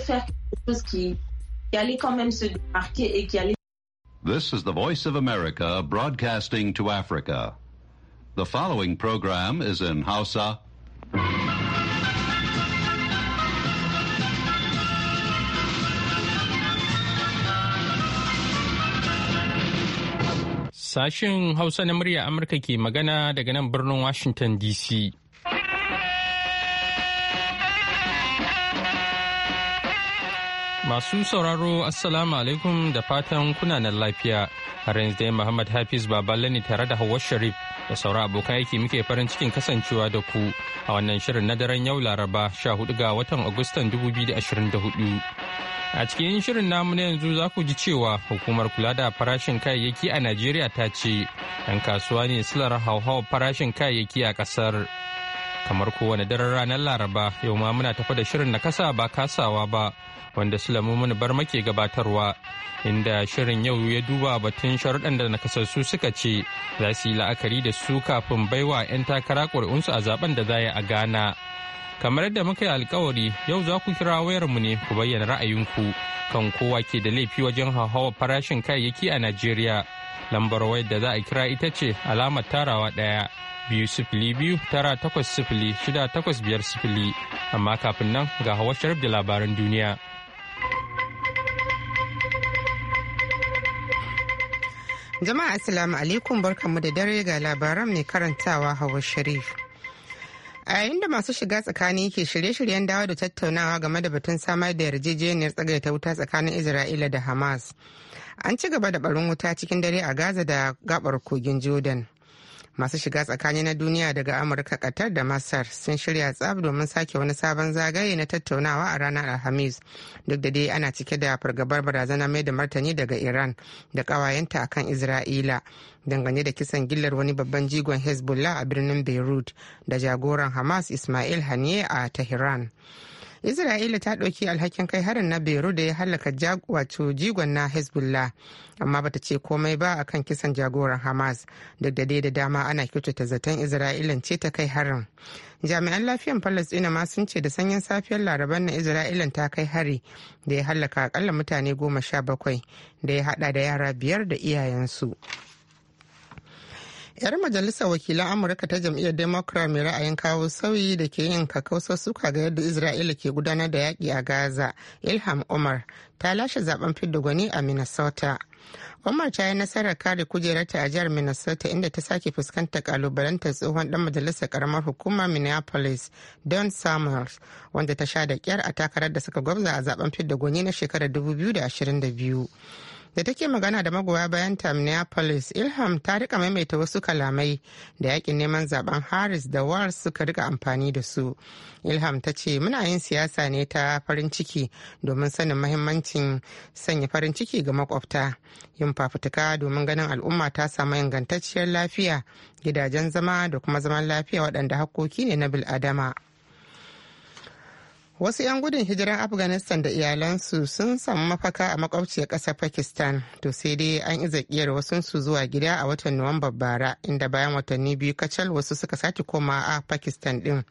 faire quelque chose qui, qui allait quand même se démarquer et qui allait This is the Voice of America broadcasting to Africa. The following program is in Hausa. Sashin Hausa na murya Amurka ke magana daga nan birnin Washington DC. Masu sauraro Assalamu alaikum da fatan kunanan lafiya. Har yanzu dai Muhammad Hafiz Baballe ne tare da Hawwa Sharif da sauran abokan aiki muke farin cikin kasancewa da ku a wannan shirin na daren yau Laraba 14 ga watan Agustan 2024. A cikin shirin namu na yanzu za ku ji cewa hukumar kula da farashin kayayyaki a Najeriya ta ce, ‘yan kasuwa ne silar hauhawar farashin kayayyaki a ƙasar. kamar kowane daren ranar laraba yau ma muna tafi da shirin na kasa ba kasawa ba wanda su mun bar make gabatarwa inda shirin yau ya duba batun sharuɗan da nakasassu suka ce za su yi la'akari da su kafin baiwa 'yan takara ƙuri'unsu a zaben da za yi a ghana kamar yadda muka yi alkawari yau za ku kira wayarmu ne ku bayyana ra'ayinku kan kowa ke da laifi wajen hauhawar farashin kayayyaki a najeriya lambar wayar da za a kira ita ce alamar tarawa ɗaya biyu sifili biyu tara takwas sifili shida takwas biyar sifili amma kafin nan ga hawa sharif da labaran duniya. Jama'a Assalamu alaikum barkanmu da dare ga labaran mai karantawa Hawa Sharif. A yayin da masu shiga tsakani ke shirye-shiryen dawo da tattaunawa game da batun samar da yarjejeniyar tsagaita wuta tsakanin Isra'ila da Hamas. An ci gaba da barin wuta cikin dare a Gaza da gabar kogin Jordan. masu shiga tsakani na duniya daga amurka qatar da masar sun shirya tsab domin sake wani sabon zagaye na tattaunawa a ranar alhamis duk da dai ana cike da fargabar barazanar mai da martani daga iran da kawayenta akan isra'ila dangane da kisan gillar wani babban jigon hezbollah a birnin beirut da jagoran hamas ismail haniye a tehran isra'ila ta ɗauki alhakin kai harin na beirut da ya hallaka wato jigon na hezbollah amma bata ce komai ba akan kisan jagoran hamas duk da dai da dama ana kyautata zaton isra'ila ce ta kai harin jami'an lafiyan falastina ma sun ce da sanyin safiyar laraban na isra'ilan ta kai hari da ya hallaka akalla mutane goma sha bakwai da ya haɗa da yara biyar da iyayensu. 'yar majalisar wakilan amurka ta jam'iyyar democrat mai ra'ayin kawo sauyi da ke yin kakausa suka ga yadda isra'ila ke gudanar da yaƙi a gaza ilham umar ta lashe zaben fidda gwani a minnesota umar ta yi nasarar kare kujerarta a jihar Minnesota inda ta sake fuskantar kalubalantar tsohon dan majalisar karamar hukumar Minneapolis Don Samuels wanda ta sha da kyar a takarar da suka gwabza a zaben fidda gwani na shekarar 2022. da take magana da magoya bayan Minneapolis Ilham ta rika maimaita wasu kalamai da yakin neman zaben Harris da Wars suka rika amfani da su. Ilham ta ce muna yin siyasa ne ta farin ciki domin sanin mahimmancin sanya farin ciki ga makwabta, yin fafutuka domin ganin al'umma ta samu ingantacciyar lafiya, gidajen zama da kuma zaman lafiya waɗanda hakkoki ne na bil'adama. Wasu 'yan gudun hijiran Afghanistan da iyalansu sun samu mafaka a makwabciyar ƙasar Pakistan, to sai dai an izakiyar su zuwa gida a watan nuwamba bara, inda bayan watanni biyu kacal wasu suka sake koma a Pakistan ɗin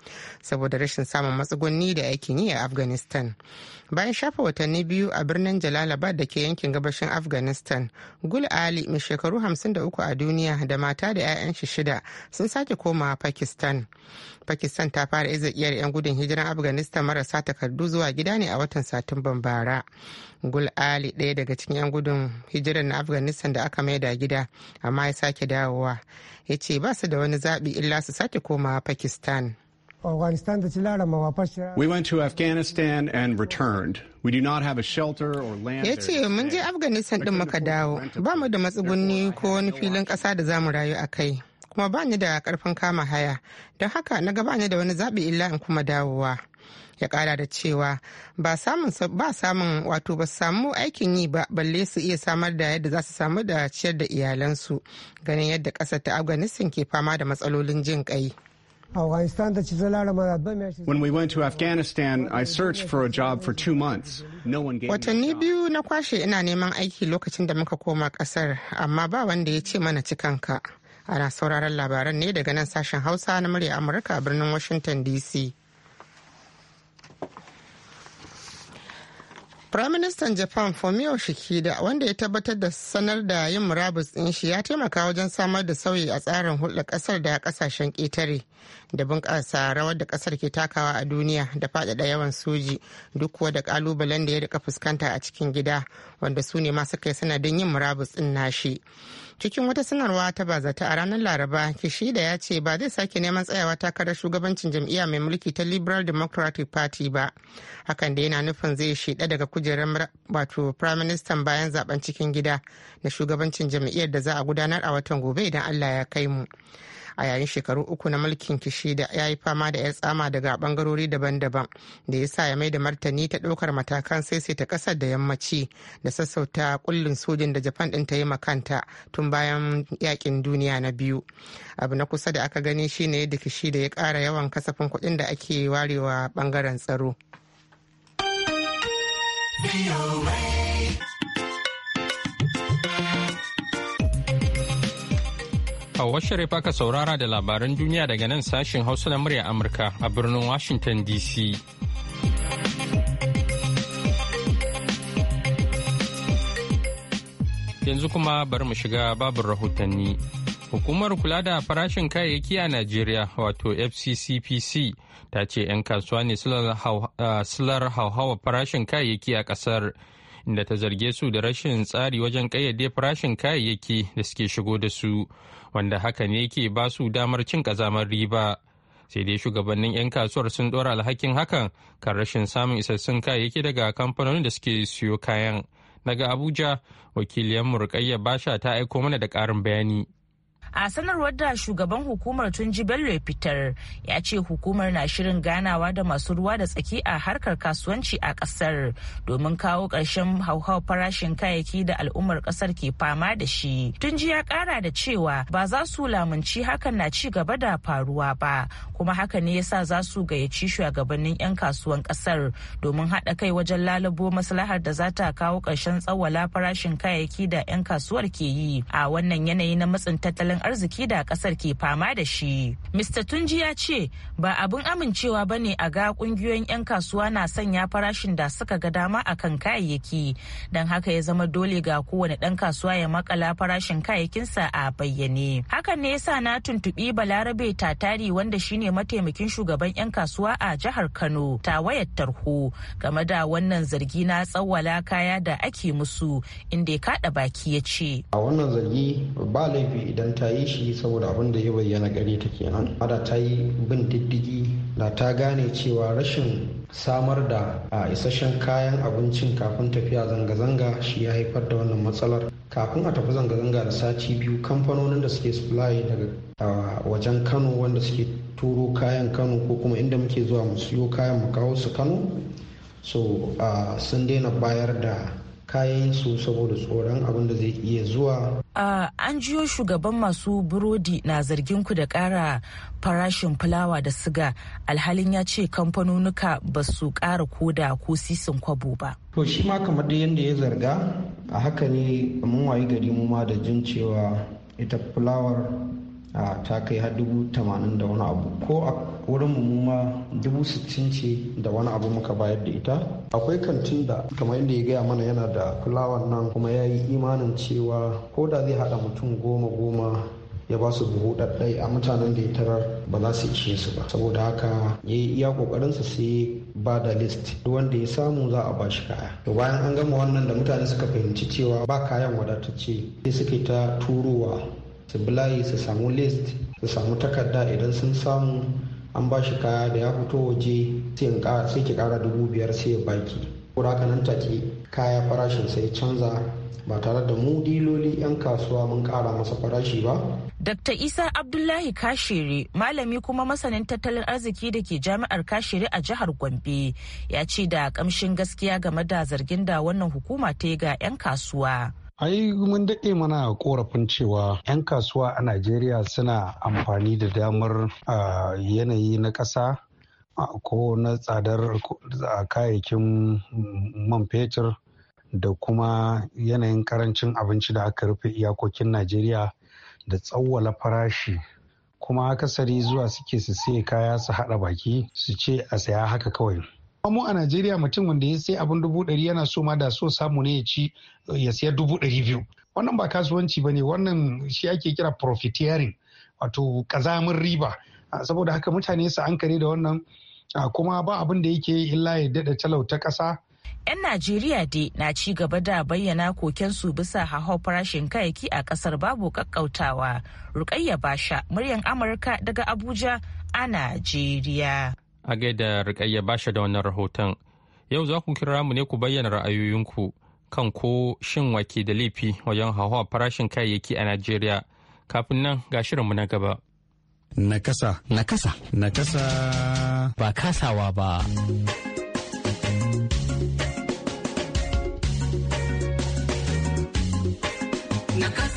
saboda rashin samun matsugunni da aikin yi a Afghanistan. Bayan shafa watanni biyu a birnin Jalalabad da ke yankin gabashin Afghanistan, Gul Ali mai shekaru hamsin da uku a duniya da mata da 'ya'yan shi shida sun sake koma Pakistan. Pakistan ta fara iza kiyar 'yan gudun hijiran Afghanistan marasa sa takardu zuwa gida ne a watan satumban bara gul ali ɗaya daga cikin 'yan gudun hijirar na afghanistan da aka maida gida amma ya sake dawowa ya ce ba su da wani zaɓi illa su sake komawa pakistan We went to Afghanistan and returned. We do not have a shelter or land. Ya ce mun je Afghanistan din muka dawo, ba mu da matsugunni ko wani filin ƙasa da zamu rayu a kai. Kuma ba ni da karfin kama haya, don haka na gaba ni da wani zabi illa in kuma dawowa. ya kara da cewa ba samun ba samun wato ba samu aikin yi ba balle su iya samar da yadda za su samu da ciyar da iyalansu ganin yadda ƙasar ta afghanistan ke fama da matsalolin jin kai. When we went to Afghanistan, I searched for a job for two months. No one gave Watanni biyu na kwashe ina neman aiki lokacin da muka koma kasar, amma ba wanda ya ce mana cikanka. Ana sauraron labaran ne daga nan sashen Hausa na murya Amurka a birnin Washington DC. Firaministan Japan Fumio shikida wanda ya tabbatar da sanar da yin murabus ɗin shi ya taimaka wajen samar da sauyi a tsarin hulɗar ƙasar da ƙasashen ƙetare da bunƙasa rawar da ƙasar ke takawa a duniya da faɗaɗa yawan soji duk kuwa da ƙalubalen da ya rika fuskanta a cikin gida wanda su ne masu kai sanadin yin murabus ɗin nashi. cikin wata sanarwa ta bazata a ranar laraba kishida ya ce ba zai sake neman tsayawa takarar shugabancin jam'iyya mai mulki ta liberal democratic party ba hakan da yana nufin zai shida daga kujerar wato prime minister bayan zaben cikin gida na shugabancin jam'iyyar da za a gudanar a watan gobe idan allah ya kai mu a yayin shekaru uku na mulkin kishida ya yi fama da 'yan tsama daga bangarori daban-daban da ya sa ya mai da martani ta ɗaukar matakan saisaita ƙasar da yammaci da sassauta kullin sojin da japan ɗin ta yi makanta tun bayan yakin duniya na biyu abu na kusa da aka gani shine yadda kishida ya ƙara yawan kasafin kuɗin da ake warewa bangaren tsaro. Hauwa Sharif ka saurara da labaran duniya daga nan sashen Hausa na murya Amurka a birnin Washington DC. Yanzu kuma bari mu shiga babin rahotanni. Hukumar kula da farashin kayayyaki a Najeriya wato FCCPC ta ce 'yan kasuwa ne silar ah, hauhawa farashin kayayyaki a ƙasar. da ta zarge su da rashin tsari wajen kayyade farashin kayayyaki da suke shigo da su wanda haka ne ke ba su damar cin kazamar riba sai dai shugabannin 'yan kasuwar sun ɗora alhakin hakan kan rashin samun isassun kayayyaki daga kamfanonin da suke siyo kayan daga abuja wakiliyan murƙayya basha ta aiko mana da ƙarin bayani a sanarwar da shugaban hukumar tunji bello ya fitar ya ce hukumar na shirin ganawa da masu ruwa da tsaki a harkar kasuwanci a kasar domin kawo ƙarshen hauhau farashin kayayyaki da al'ummar kasar ke fama da shi tunji ya ƙara da cewa ba za su lamunci hakan na ci gaba da faruwa ba kuma haka ne yasa za su gayyaci shugabannin 'yan kasuwan kasar domin haɗa kai wajen lalubo maslahar da za ta kawo ƙarshen tsawala farashin kayayyaki da 'yan kasuwar ke yi a wannan yanayi na matsin tattalin tattalin arziki da kasar ke fama da shi. Mr. Tunji ya ce ba abin amincewa ba ne a ga kungiyoyin 'yan kasuwa na sanya farashin da suka ga dama a kan kayayyaki don haka ya zama dole ga kowane ɗan kasuwa ya makala farashin kayayyakinsa a bayyane. Hakan ne yasa na tuntuɓi Balarabe Tatari wanda shine mataimakin shugaban 'yan kasuwa a jihar Kano ta wayar tarho game da wannan zargi na tsawwala kaya da ake musu inda ya kaɗa baki ya ce. A wannan zargi ba laifi idan ta ta yi shi saboda abin da ya bayyana gare ta kenan ada ta yi bin diddigi da ta gane cewa rashin samar da a isasshen kayan abincin kafin tafiya zanga-zanga shi ya haifar da wannan matsalar kafin a tafi zanga-zanga da sati biyu kamfanonin da suke supply daga wajen kano wanda suke turo kayan kano ko kuma inda muke zuwa mu siyo kayan mu kawo su kano so sun daina bayar da kayan su saboda tsoron abin da zai iya zuwa. a an jiyo shugaban masu burodi na zargin ku da ƙara farashin fulawa da siga alhalin ya ce kamfanonuka ba su ƙara koda ko sisin kwabo ba. To shi ma kamar da yadda ya zarga a haka ne mun wayi gari mu ma da jin cewa ita fulawar ta kai har dubu tamanin da wani abu ko a wurin mu ma dubu sittin ce da wani abu muka bayar da ita akwai kantin da kamar yadda ya gaya mana yana da fulawan nan kuma ya yi imanin cewa ko da zai haɗa mutum goma goma ya ba su buhu ɗaɗɗai a mutanen da ya tarar ba za su ishe su ba saboda haka ya yi iya ƙoƙarinsa sai ba da list duk wanda ya samu za a ba shi kaya to bayan an gama wannan da mutane suka fahimci cewa ba kayan wadatacce sai suke ta turowa su bulayi su samu list su samu takarda idan sun samu an ba shi kaya da ya fito waje sai ki kara dubu biyar sai ya baki kura nan take kaya farashin sai canza ba tare da mu diloli 'yan kasuwa mun kara masa farashi ba Dr. Isa Abdullahi Kashiri, malami kuma masanin tattalin arziki da ke jami'ar Kashiri a jihar Gombe, ya ce da kamshin gaskiya game da zargin da wannan hukuma ta ga 'yan kasuwa. ai mun daɗe mana korafin cewa 'yan kasuwa a najeriya suna amfani da damar yanayi na ƙasa ko na tsadar kayayyakin man fetur da kuma yanayin karancin abinci da aka rufe iyakokin najeriya da tsawwala farashi kuma akasari zuwa suke su sai kaya su haɗa baki su ce a saya haka kawai mu a najeriya mutum wanda ya sai abin dubu ɗari yana so ma da so samu ne ya ci ya sayar dubu ɗari biyu wannan ba kasuwanci ba ne wannan shi ake kira profiteering wato kazamin riba ah, saboda haka mutane su ankare da wannan ah, kuma ba abin da yake illa ya daɗa talauta ƙasa 'yan najeriya dai na ci gaba da bayyana kokensu bisa hahau farashin kayayyaki a kasar babu kakkautawa rukayya basha muryan amurka daga abuja a najeriya a gaida rikayya bashi da wannan rahoton yau za ku kira mu ne ku bayyana ra'ayoyinku kan ko shin wake da laifi wajen hauhawa farashin kayayyaki a najeriya kafin nan ga shirinmu na gaba nakasa nakasa nakasa ba kasawa ba nakasa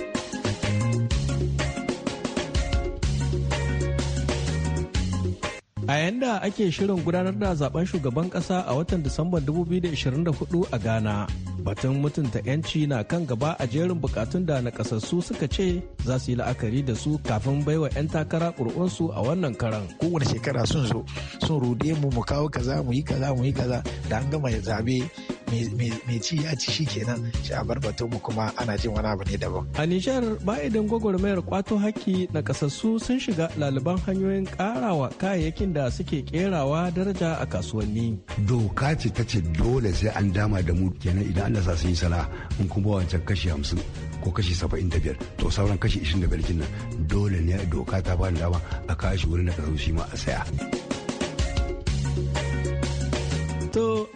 a yanda ake shirin gudanar da zaben shugaban kasa a watan disamban 2024 a ghana batun mutunta 'yanci na kan gaba a jerin bukatun da nakasassu suka ce za su yi la'akari da su kafin baiwa 'yan takara ƙuri'unsu a wannan karan kowane shekara sun zo sun rude mu mu kawo kaza mu yi kaza mu yi kaza da an gama zabe mai ci ya ci shi kenan shi a barbato mu kuma ana jin wani abu ne daban. A Nijar ba'idan gwagwarmayar kwato haƙƙi na kasassu sun shiga laliban hanyoyin ƙarawa kayayyakin da suke ƙerawa daraja a kasuwanni. Doka ce ta ce dole sai an dama da mu kenan idan Allah sa sun yi sana'a in kuma wancan kashi hamsin ko kashi saba'in da biyar to sauran kashi ishirin da biyar dole ne doka ta bani dama a kashi wurin da ka zo shi ma a saya.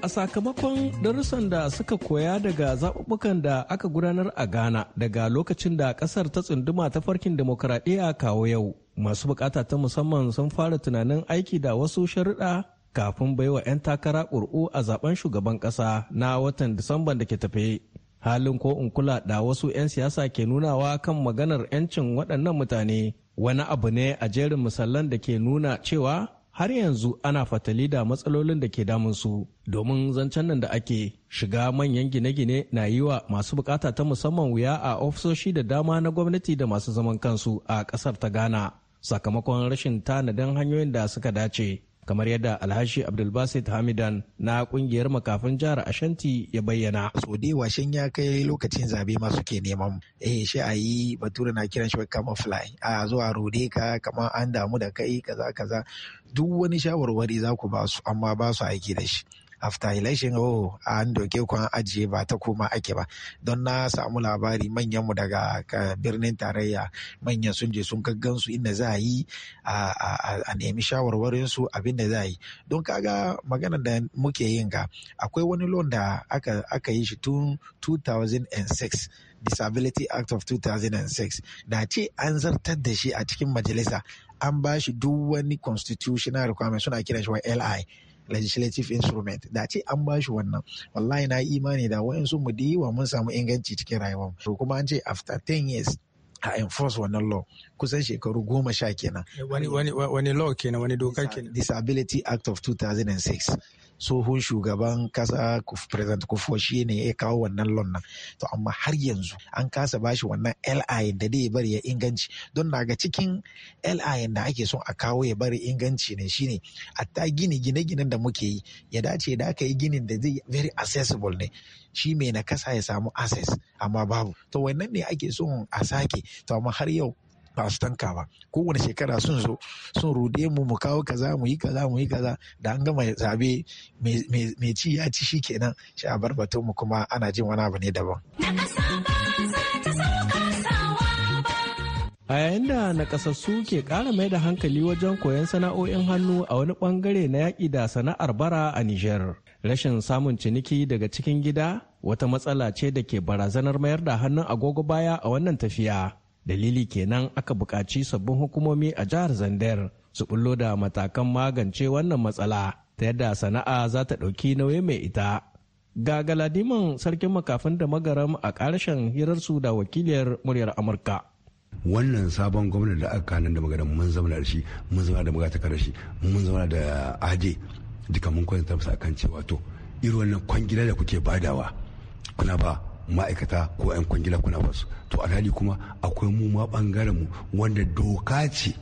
a sakamakon darussan da suka koya daga zaɓuɓɓukan da aka gudanar a Ghana daga lokacin da ƙasar ta tsunduma ta farkin demokuraɗiyya kawo yau. Masu bukata ta musamman sun fara tunanin aiki da wasu sharuɗa kafin baiwa 'yan takara ƙur'u a zaɓen shugaban ƙasa na watan Disamban da ke tafe. Halin ko in kula da wasu 'yan siyasa ke nunawa kan maganar 'yancin waɗannan mutane wani abu ne a jerin misalan da ke nuna cewa har yanzu ana fatali da matsalolin da ke su domin zancen nan da ake shiga manyan gine-gine na yi wa masu bukata ta musamman wuya a ofisoshi da dama na gwamnati da masu zaman kansu a kasar ta ghana sakamakon rashin tanadin hanyoyin da suka dace kamar yadda alhashi abdulbasit hamidan na kungiyar makafin jihar ashanti ya bayyana so dai washen ya kai lokacin zabe ma suke neman eh shi a yi bature na kiran shi kama fly a zuwa rode ka kama an damu da kai kaza kaza duk wani shawarwari za ku ba su amma ba su aiki da shi after election oh an doke ku an ajiye ba ta koma ake ba don na samu labari manyanmu daga birnin tarayya manyan sun je sun gaggan su inda za a yi a nemi shawarwarin su abin da za a yi don kaga maganar da muke yin ga akwai wani loan da aka yi shi tun 2006 Disability Act of 2006 da ce an zartar da shi a cikin majalisa an ba shi duk wani constitutional requirement suna kiran shi wa LI legislative instrument da ce an bashi wannan wallahi na imani da wa'insu mu diwa mun samu inganci cikin rayuwar kuma an ce after 10 years a enforce wannan law kusan shekaru goma sha kenan wani law kenan wani doka kenan disability act of 2006 tsohon shugaban kasa president kufo shi ne ya kawo wannan loan nan to amma har yanzu an kasa bashi wannan li da dai bari ya inganci don na ga cikin li da ake son a kawo ya bari inganci ne shine ta gini gine-ginen da muke yi ya dace da aka yi ginin da zai very accessible ne shi mai na kasa ya samu access amma babu to wannan ne ake son a sake to amma har yau ba su tanka ba kowane shekara sun zo sun rude mu mu kawo kaza mu yi kaza mu yi kaza da an gama zabe mai ci ya ci shi kenan shi a barbato mu kuma ana jin wani abu ne daban. A yayin da nakasassu ke kara mai da hankali wajen koyon sana'o'in hannu a wani bangare na yaƙi da sana'ar bara a Niger, Rashin samun ciniki daga cikin gida wata matsala ce da ke barazanar mayar da hannun agogo baya a wannan tafiya. dalili kenan aka buƙaci sabbin hukumomi a jihar zander su bullo da matakan magance wannan matsala ta yadda sana'a za ta ɗauki nauyi mai ita ga galadiman sarkin makafin da magaram a ƙarshen hirarsu da wakiliyar muryar amurka wannan sabon gwamnati da aka kanin da magaram mun zama da shi mun zama da magatakar da shi mun zama da aje duka mun kwanta musu akan cewa to irin wannan kwangila da kuke badawa kuna ba ma'aikata ko 'yan kwangila kuna basu to alhali kuma akwai mu ma bangaren mu wanda doka ce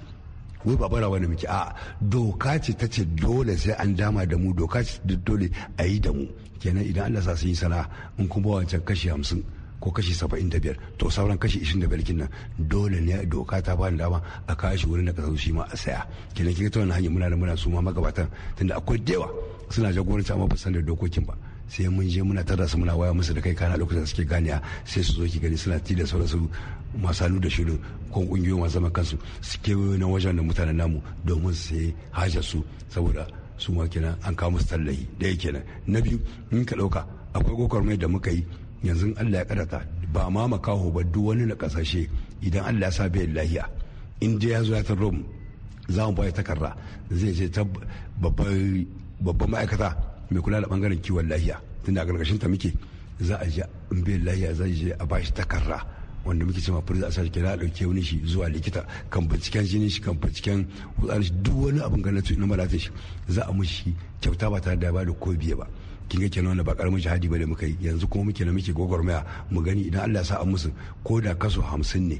wai ba bara wani muke a doka ce ta ce dole sai an dama da mu doka ce dole a yi da mu kenan idan allah sa yi sana'a in kuma wancan kashi hamsin ko kashi saba'in da biyar to sauran kashi ishirin da biyar kinnan dole ne doka ta bani dama a kawo shi wurin da kasar shi ma a saya kenan kika ta wani hanyar muna da muna su ma magabatan tunda akwai da yawa suna jagoranci amma ba san da dokokin ba sai mun je muna tara su muna waya musu da kai kana lokacin suke ganiya sai su zo ki gani suna ti da sauransu masu hannu da shirin ko kungiyoyi masu zama kansu suke na wajen da mutanen namu domin su yi hajar su saboda su ma kenan an kawo musu tallahi ya kenan na biyu in ka ɗauka akwai mai da muka yi yanzu allah ya karata ba ma makaho ba duk wani na kasashe idan allah ya sa bai lahiya in dai ya zo ya ta rom za mu bai takarda zai je ta babban ma'aikata mai kula da bangaren kiwon lahiya tunda a gargashin ta muke za a je in bai lahiya za a je a bashi takarra wanda muke cewa furza a sashi kenan a dauke wani shi zuwa likita kan binciken jinin shi kan binciken hutsarin shi duk wani abin ganin na malatin shi za a mushi kyauta ba tare da ba da ko biye ba kin ga kenan wanda ba karamin shahadi ba da muka yi yanzu kuma muke na muke gogormaya mu gani idan Allah ya sa a musu ko da kaso hamsin ne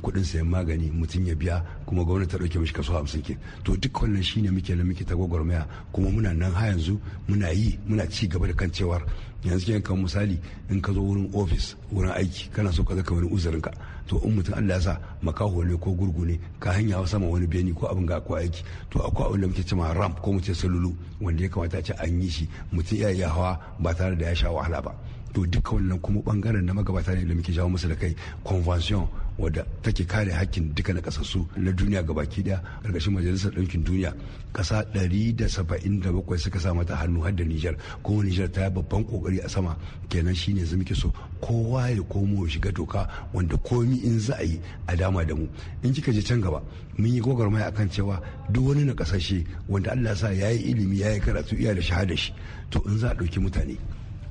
kuɗin sayan magani mutum ya biya kuma gwamnati ta ɗauke mishi kaso hamsin ke to duk wannan shine muke nan muke ta gwagwarmaya kuma muna nan ha yanzu muna yi muna ci gaba da kan cewar yanzu kenan kan misali in ka zo wurin ofis wurin aiki kana so ka zaka wani uzurin ka to in mutum Allah ya sa makaho ne ko gurgu ne ka hanya wa sama wani beni ko abin ga ko aiki to akwai abin da muke cewa ramp ko mu ce salulu wanda ya kamata a ce an yi shi mutum iya hawa ba tare da ya sha wahala ba to duka wannan kuma bangaren na magabata ne da muke jawo musu da kai convention wadda take kare hakkin duka na kasassu na duniya ga baki daya ƙarƙashin majalisar ɗaukin duniya ƙasa 177 suka sa mata hannu har da Nijar kuma Nijar ta yi babban kokari a sama kenan shine yanzu muke so kowa ya komo shiga doka wanda komi in za a yi a dama da mu in kika je can gaba mun yi gwagwarmaya akan cewa duk wani na kasashe wanda Allah sa ya yi ilimi ya yi karatu iya da shahada shi to in za a ɗauki mutane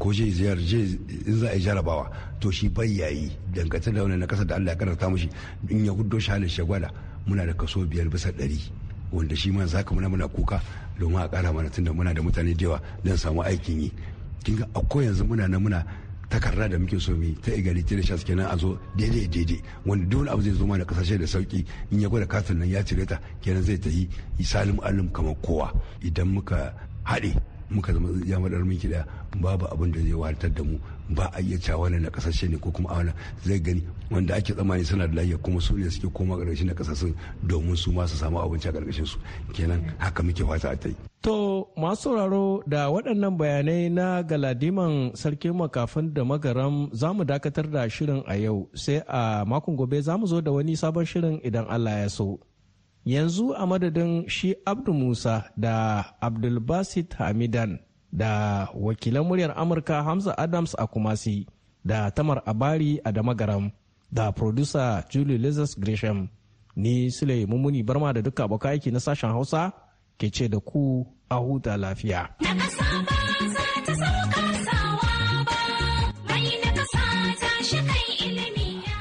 ko shi ziyar in za a yi jarabawa to shi bai yayi dangata da wani na kasa da Allah ya karanta mushi in ya guddo shi halin shagwada muna da kaso biyar bisa ɗari wanda shi ma ka muna muna kuka domin a kara mana tunda muna da mutane da yawa don samu aikin yi kin ga akwai yanzu muna na muna takarda da muke so mu ta egalite da shas kenan a zo daidai daidai wanda duk abu zai zo mana kasashe da sauki in ya gwada katin nan ya cire ta kenan zai ta yi salim alim kamar kowa idan muka haɗe muka zama ya madar minki daya babu abin da zai wartar da mu ba a iya cewa na kasashe ne ko kuma a wannan zai gani wanda ake tsammani suna da lafiya kuma su ne suke koma ƙarƙashin na kasashen domin su ma su samu abinci a ƙarƙashin su kenan haka muke fata a ta yi. To masu sauraro da waɗannan bayanai na galadiman sarki makafin da magaram za mu dakatar da shirin a yau sai a makon gobe za mu zo da wani sabon shirin idan Allah ya so. yanzu a madadin shi abdu musa da abdulbasit hamidan da wakilan muryar amurka hamza adams a kumasi da tamar abari a damagaram da producer julie lizas gresham ni sule mummuni barma da duka abokan aiki na sashen hausa ke ce da ku a huta lafiya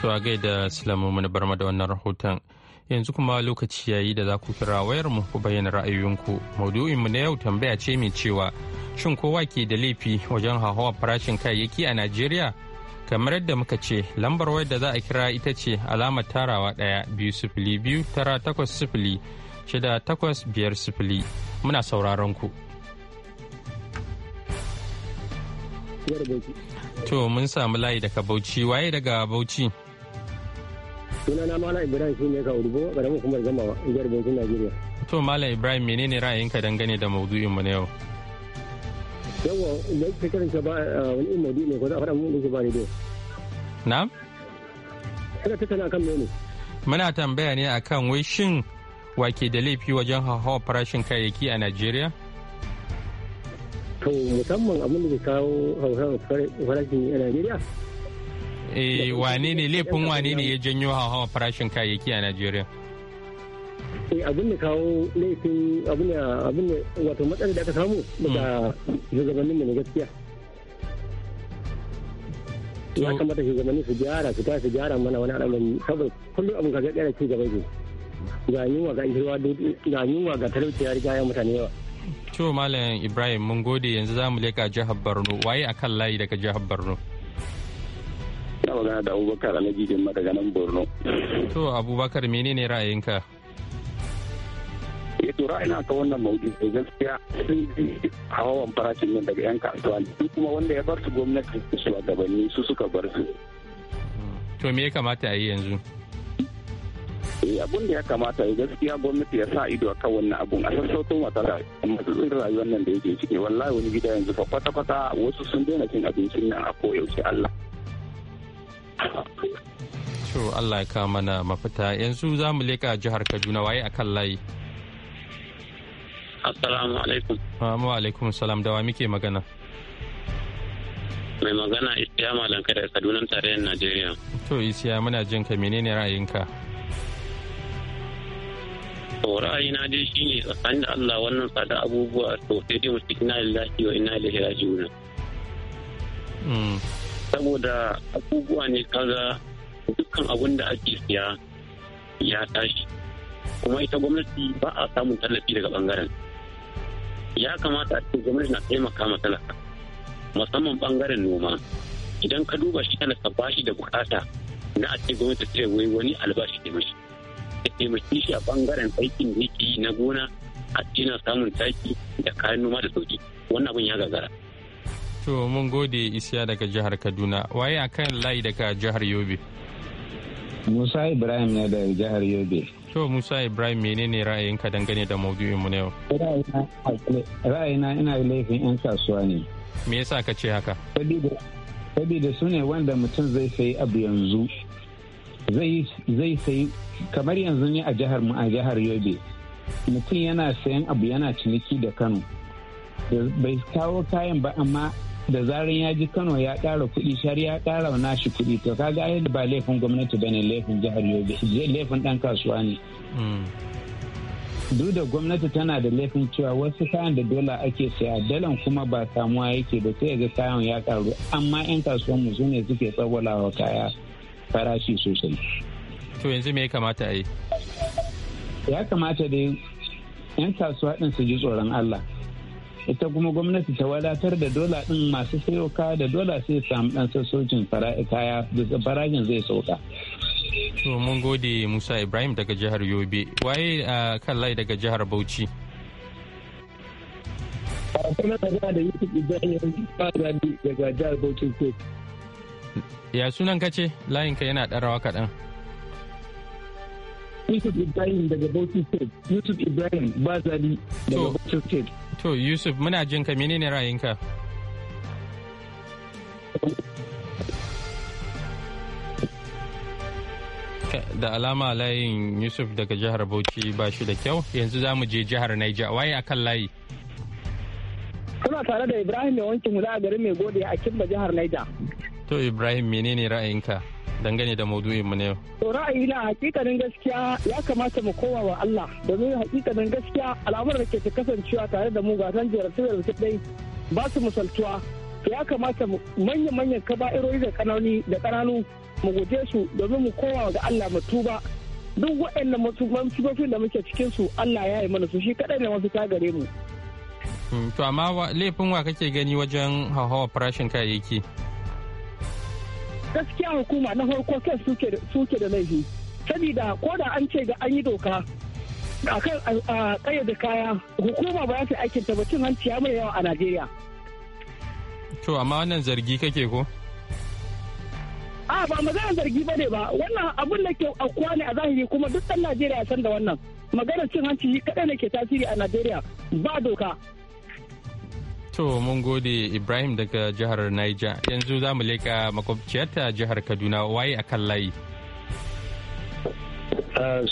To a gaida Silamu barma da wannan rahoton. yanzu kuma lokaci yayi da za ku kira wayarmu ku bayyana ra'ayoyinku maudu'inmu na yau tambaya ce mai cewa shin kowa ke da laifi wajen hawa farashin kayayyaki a najeriya kamar yadda muka ce lambar wayar da za a kira ita ce alamar tarawa ɗaya biyu sifili biyu tara takwas sifili shida takwas biyar sifili muna sauraron ku to mun samu layi daga bauchi waye daga bauchi suna na mala ibrahim shi ne ka urbo ƙaramin hukumar gamawa jihar bauchi najeriya to mala ibrahim menene ra'ayinka dangane da maudu'in mu na yau yawa da ka karanta ba eh, wani in maudu'i ne ko za a faɗa mun ba rediyo na'am kana tana kan mene muna tambaya ne akan wai shin wake da laifi wajen hawa farashin kayayyaki a najeriya to musamman abin da ke kawo hawa farashin a najeriya Eh, eh, wane ne laifin wane ne ya janyo hawa farashin kayayyaki a najeriya eh, abin da kawo laifin abin da abin da wato matsalar da aka samu daga hmm. shugabannin mu ne gaskiya ya kamata shugabanni su gyara su ta su gyara mana wani al'amari saboda kullum abin kaga ɗaya ci gaba ne ga yunwa ga ishirwa ga yunwa ga talauci ya riga ya mutane yawa to malam ibrahim mun gode yanzu za mu leka jihar borno waye akan layi daga jihar borno na magana da abubakar a jimma daga nan borno to abubakar menene ra'ayinka ya eh, tura ina ka wannan da gaskiya sun bi hawan farashin nan daga yan kasuwa su kuma wanda ya bar su gwamnati su gabanni su suka bar su to me ya kamata a yi yanzu eh, abin da ya kamata ya gaskiya gwamnati ya sa ido kan wannan abun a sassautun wata matsalolin rayuwar nan da yake ciki wallahi wani gida yanzu fa kwata-kwata wasu sun daina cin abincin nan a koyaushe Allah To Allah ya kama na mafita yanzu za mu leƙa jihar Kaduna waye a kan layi. Assalamu alaikum. Wa alaikum salam wa muke magana. Mai magana Isiya da kada Kaduna tarayyar Najeriya. To Isiya muna jin ka menene ra'ayinka? To ra'ayina dai shine tsakanin da Allah wannan tsada abubuwa to sai dai mutum ina lillahi wa ina ilaihi raji'un. Mm. saboda abubuwa ne kaga dukkan abun da ake siya ya tashi kuma ita gwamnati ba a samun tallafi daga bangaren ya kamata a ce gwamnati na taimaka ma talaka musamman bangaren noma idan ka duba shi talaka ba shi da bukata na a ce gwamnati ta wai wani albashi da mashi ta taimaki shi a bangaren aikin da yake yi na gona a ce samun taki da kayan noma da sauki wannan abin ya gagara To mun gode isiya daga jihar Kaduna. Waye a kan layi daga jihar Yobe? Musa Ibrahim ne da jihar Yobe. To Musa Ibrahim menene ra'ayinka dangane da maudu'in mu na yau? Ra'ayina ina laifin 'yan kasuwa ne. Me yasa ka ce haka? Sabida su ne wanda mutum zai sayi abu yanzu. Zai sayi kamar yanzu ne a jihar mu a jihar Yobe. Mutum yana sayan abu yana ciniki da Kano. Bai kawo kayan ba amma da zaran ya ji kano ya ƙara kuɗi shar ya ƙara shi kuɗi to ka ga ba laifin gwamnati bane laifin jihar yobe laifin ɗan kasuwa ne hmm. duk da gwamnati tana da laifin cewa wasu kayan da dola ake saya dalan kuma ba samuwa yake ba sai ga kayan ya karu amma 'yan kasuwanmu su ne suke wa kaya farashi sosai to yanzu me ya kamata a yi ya kamata dai 'yan kasuwa ɗin su ji tsoron allah ita kuma gwamnati ta wadatar da dola din masu sayo kaya da dola sai samu dan sassaucin kaya da farashin zai sauka to mun gode musa ibrahim daga jihar yobe waye a kan lai daga jihar bauchi yusuf ibrahim daga jihar ya sunan ka ce layinka yana ɗarawa kaɗan Yusuf Ibrahim daga Bauchi State. Yusuf Ibrahim Bazali daga Bauchi State. To Yusuf muna jin ka menene ra'ayinka? Da alama layin Yusuf daga jihar Bauchi ba shi da kyau yanzu za mu je jihar Niger waye akan layi. Kuna tare da Ibrahim ya wankin hula a garin mai gode a Kimba jihar Niger. To Ibrahim menene ra'ayinka? dangane da maudu'in mu ne. To ra'ayi na hakikanin gaskiya ya kamata mu kowa wa Allah domin hakikanin gaskiya al'amuran da ke ta kasancewa tare da mu gasan jarabtar dai ba su to Ya kamata manya-manyan kaba'irori da kanani da kananu mu guje su domin mu kowa ga Allah mu tuba duk waɗannan masubofin da muke cikin su Allah ya yi mana su shi kaɗai ne wasu ta gare mu. Hmm, to amma laifin wa kake gani wajen hauhawar farashin kayayyaki? gaskiya hukuma na farko kan suke da laifi sabida ko da an ce ga an yi doka a kan da kaya hukuma ba za ta aikin ta cin hanci ya mai yawa a najeriya to amma wannan zargi kake ko a ba maganar zargi ba ne ba wannan abun da ke aukuwa ne a zahiri kuma duk ɗan najeriya san da wannan maganar cin hanci kaɗai ne ke tasiri a najeriya ba doka To mun gode Ibrahim daga jihar Niger. Yanzu za mu leƙa makwabciyarta jihar Kaduna waye a kan layi.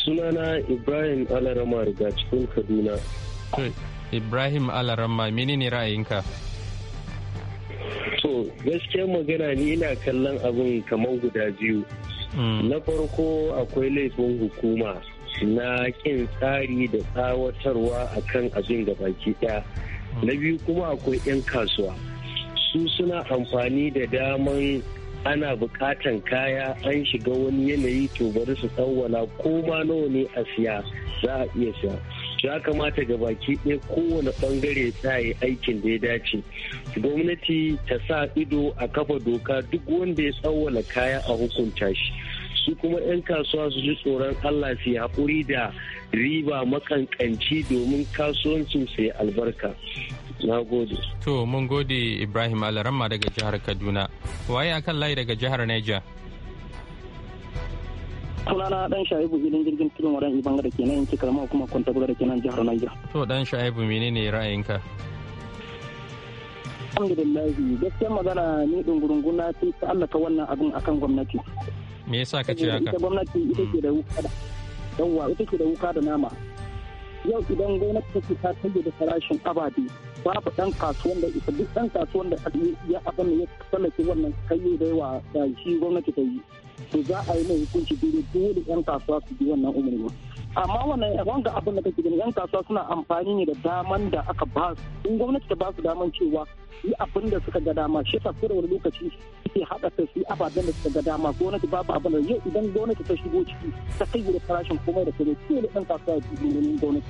sunana Ibrahim Alarama daga cikin Kaduna. Ibrahim Alarama menene ra'ayinka? To gaskiyar magana ni ina kallon abin kamar guda biyu. Mm. Na farko akwai laifin hukuma na kin tsari da tsawatarwa akan abin da baki ɗaya. na biyu kuma akwai 'yan kasuwa su suna amfani da daman ana bukatan kaya an shiga wani yanayi to bari su tsawwala ko ma nawa ne a siya za a iya siya ya kamata ga baki ɗaya kowane ɓangare ta yi aikin da ya dace gwamnati ta sa ido a kafa doka duk wanda ya tsawwala kaya a hukunta shi su kuma 'yan kasuwa su ji tsoron allah su haƙuri da riba makankanci domin kasuwancin sai albarka na gode to mun gode ibrahim alaramma daga jihar kaduna waye akan layi daga jihar niger sunana dan shaibu filin jirgin turin wadan ibanga da ke nan cikar ma kuma kwanta da ke nan jihar niger to dan shaibu menene ra'ayinka alhamdulillahi Gaskiya magana ni dungurungun na ta allaka wannan abin akan gwamnati me yasa ka ce haka gwamnati ita ke da yauwa ita ke da wuka da nama yau idan gwamnati take ta tsaye da farashin ababe babu dan kasuwan da isa duk dan kasuwan da ya abin ya tsallake wannan kayyade da yawa da shi gwamnati ta yi to za a yi mai hukunci dole dole yan kasuwa su bi wannan umarni amma wannan wanga abin da kake gani yan kasuwa suna amfani ne da daman da aka ba su in gwamnati ta ba su daman cewa yi abin da suka ga dama shi yasa wani lokaci suke haɗa kai su ababen da suka ga dama gwamnati babu abin da yau idan gwamnati ta shigo ciki ta kai gida farashin komai da komai sai da yan kasuwa ya fi gwamnati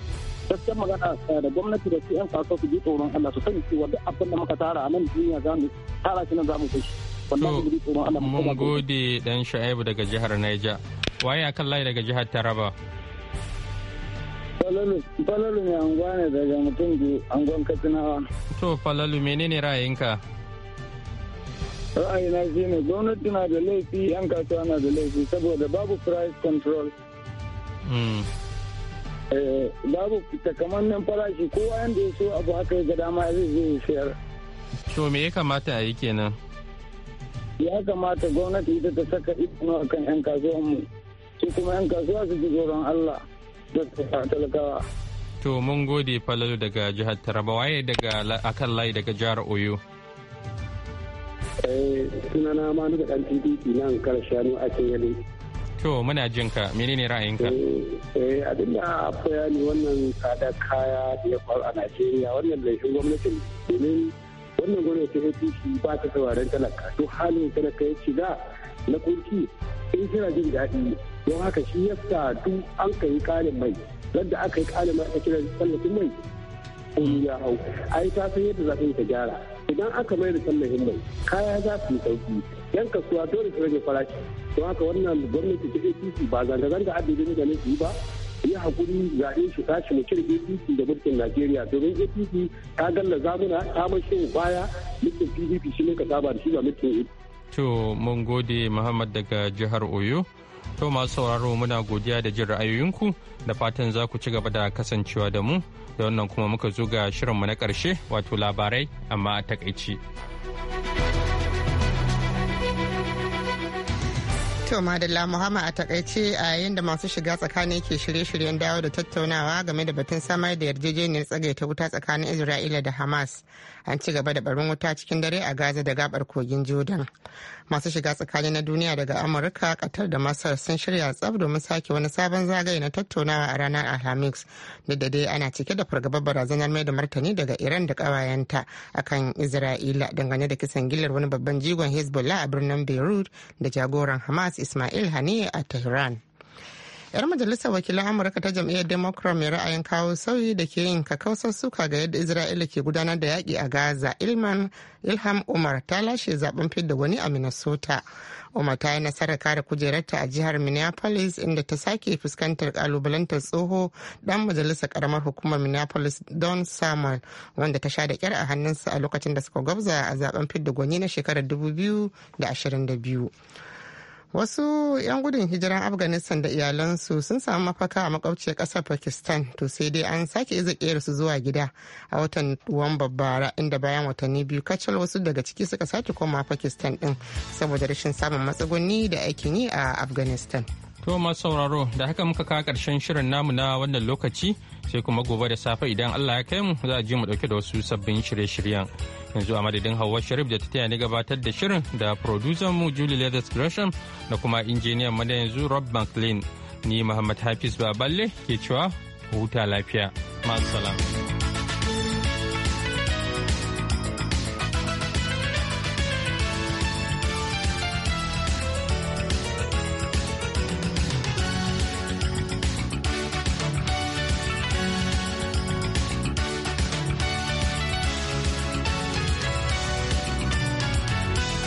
gaskiyar magana eh, da gwamnati da su yan kasuwa su ji tsoron Allah su sani cewa duk abin da muka tara a nan duniya za mu tara shi nan za mu kai shi. Mun gode dan sha'ibu daga jihar Niger. Waye akan layi daga jihar Taraba? Falalu mai anguwa ne daga mutum biyu angon Katsinawa. To Falalu menene ra'ayinka? Ra'ayina shi ne gwamnati na da laifi yan kasuwa na da laifi saboda babu price control. Hmm. Eh, babu takamaiman farashi kowa yadda ya so abu haka ya ga dama zai zai sayar. To me ya kamata a yi kenan? ya kamata gwamnati ita ta saka ikonu a kan 'yan mu su kuma 'yan kasuwa su ji tsoron Allah. to mun gode falalu daga jihar taraba waye daga akan layi daga jihar oyo eh, sunana ma nuka dan pdp nan kar shanu ake yali to muna jin ka menene ra'ayinka eh, eh abinda akwai ne wannan tsada kaya da ya faru a Najeriya wannan laifin gwamnatin domin wannan gwamnati tushi ba ta sauraron talaka to halin talaka ya shiga na kurki in kira jin daɗi don haka shi yasa duk an kai ƙarin mai yadda aka yi ƙarin mai aka kiran tallafin mai ya hau ai ta san yadda za ka yi ta gyara idan aka mai da tallafin mai kaya za su yi sauki yan kasuwa dole su rage farashi don haka wannan gwamnati ta apc ba zanga-zanga adadin mutane da yi ba yi hakuri zaɓe shi tashi mu cire apc da mulkin najeriya domin apc ta galla zamuna ta mashi baya mulkin pdp shi ne ka saba da shi ba mulkin to mun gode muhammad daga jihar oyo To masu sauraro muna godiya da jin ra'ayoyinku da fatan za ku ci gaba da kasancewa da mu da wannan kuma muka zo ga shirinmu na ƙarshe wato labarai amma a takaici. To Madalla Muhammad a takaice a yayin da masu shiga tsakani ke shirye-shiryen dawo da tattaunawa game da batun samar da yarjejeniyar tsagaita wuta tsakanin Isra'ila da Hamas an ci gaba da barin wuta cikin dare a Gaza da gabar kogin Jordan. Masu shiga tsakanin na duniya daga Amurka, qatar da Masar sun shirya tsab domin sake wani sabon zagaye na tattaunawa a ranar Alhamis duk da dai ana cike da fargabar barazanar mai da martani daga Iran da kawayenta akan Isra'ila dangane da kisan gillar wani babban jigon Hezbollah a birnin Beirut da jagoran Hamas Ismail hani a Tehran. 'yar majalisar wakilan amurka ta jam'iyyar democrat mai ra'ayin kawo sauyi da ke yin kakausar suka ga yadda isra'ila ke gudanar da yaƙi a gaza ilman ilham umar ta lashe zaben fidda wani a minnesota umar ta yi nasarar kare kujerarta a jihar minneapolis inda ta sake fuskantar kalubalantar tsoho dan majalisar karamar hukumar minneapolis don samuel wanda ta sha da kyar a hannunsa a lokacin da suka gwabza a zaben fidda gwani na shekarar 2022 wasu 'yan gudun hijiran afghanistan da iyalansu sun samu mafaka a makwabciyar kasar pakistan to sai dai an sake iza su zuwa gida a watan nuwamban babbara inda bayan watanni biyu kacal wasu daga ciki suka sake koma pakistan din saboda rashin samun matsuguni da aikin yi a afghanistan To masu sauraro da haka muka kawo ƙarshen shirin namu na wannan lokaci sai kuma gobe da safe idan Allah ya kai mu za a je mu ɗauke da wasu sabbin shirye-shiryen. Yanzu a madadin Hauwa Sharif da ta taya ni gabatar da shirin da producer mu Julie Leathers Gresham da kuma injiniyan mu da yanzu Rob McLean. Ni Muhammad Hafiz Baballe ke cewa huta lafiya. Masu